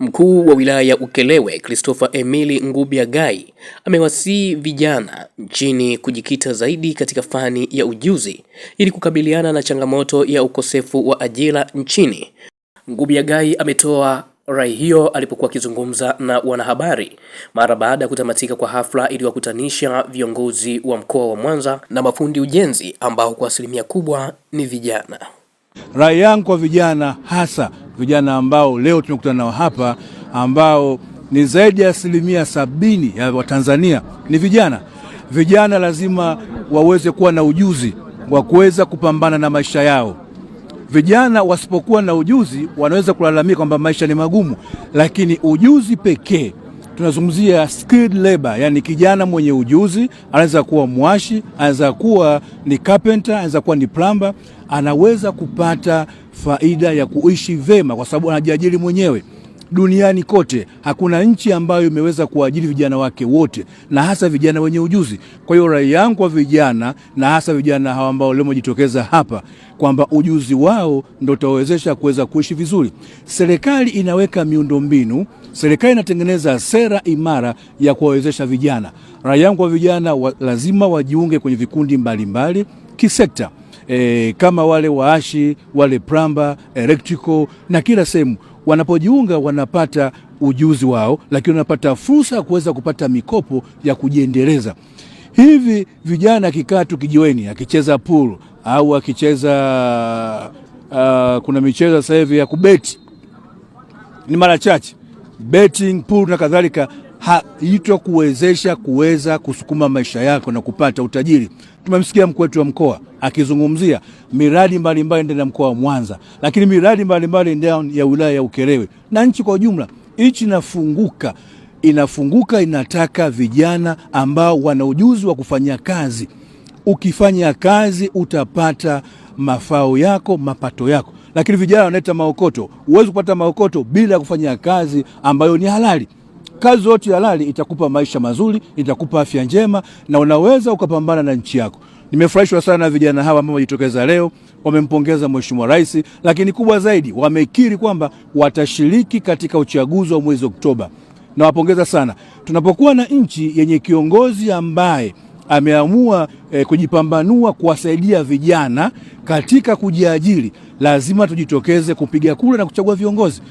Mkuu wa wilaya ya Ukerewe Christopher Emily Ngubya Gai amewasihi vijana nchini kujikita zaidi katika fani ya ujuzi ili kukabiliana na changamoto ya ukosefu wa ajira nchini. ngubia Gai ametoa rai hiyo alipokuwa akizungumza na wanahabari mara baada ya kutamatika kwa hafla iliyokutanisha viongozi wa mkoa wa Mwanza na mafundi ujenzi ambao kwa asilimia kubwa ni vijana. Rai yangu kwa vijana hasa vijana ambao leo tumekutana nao hapa ambao ni zaidi ya asilimia sabini ya Watanzania ni vijana. Vijana lazima waweze kuwa na ujuzi wa kuweza kupambana na maisha yao. Vijana wasipokuwa na ujuzi wanaweza kulalamika kwamba maisha ni magumu, lakini ujuzi pekee tunazungumzia skilled labor, yani kijana mwenye ujuzi, anaweza kuwa mwashi, anaweza kuwa ni carpenter, anaweza kuwa ni plumber, anaweza kupata faida ya kuishi vema kwa sababu anajiajiri mwenyewe duniani kote. Hakuna nchi ambayo imeweza kuajiri vijana wake wote, na hasa vijana wenye ujuzi. Kwa hiyo rai yangu kwa vijana, na hasa vijana hawa ambao leo wamejitokeza hapa, kwamba ujuzi wao ndio utawezesha kuweza kuishi vizuri. Serikali inaweka miundombinu, serikali inatengeneza sera imara ya kuwawezesha vijana. Rai yangu kwa vijana wa, lazima wajiunge kwenye vikundi mbalimbali mbali, kisekta e, kama wale waashi wale pramba electrical na kila sehemu wanapojiunga wanapata ujuzi wao, lakini wanapata fursa ya kuweza kupata mikopo ya kujiendeleza. Hivi vijana akikaa tu kijiweni akicheza pool au akicheza uh, kuna michezo sasa hivi ya kubeti ni mara chache betting pool na kadhalika, kuwezesha kuweza kusukuma maisha yako na kupata utajiri. Tumemsikia mkuu wetu wa mkoa akizungumzia miradi mbalimbali ndani ya mkoa wa Mwanza, lakini miradi mbalimbali ndani ya wilaya ya Ukerewe na nchi kwa ujumla. Nchi inafunguka, inafunguka, inataka vijana ambao wana ujuzi wa kufanya kazi. Ukifanya kazi utapata mafao yako, mapato yako lakini vijana wanaleta maokoto. Huwezi kupata maokoto bila ya kufanya kazi ambayo ni halali kazi yote ya halali itakupa maisha mazuri, itakupa afya njema na unaweza ukapambana na nchi yako. Nimefurahishwa sana na vijana hawa ambao wamejitokeza leo, wamempongeza Mheshimiwa Rais, lakini kubwa zaidi wamekiri kwamba watashiriki katika uchaguzi wa mwezi Oktoba. Nawapongeza sana. Tunapokuwa na nchi yenye kiongozi ambaye ameamua eh, kujipambanua kuwasaidia vijana katika kujiajiri, lazima tujitokeze kupiga kura na kuchagua viongozi.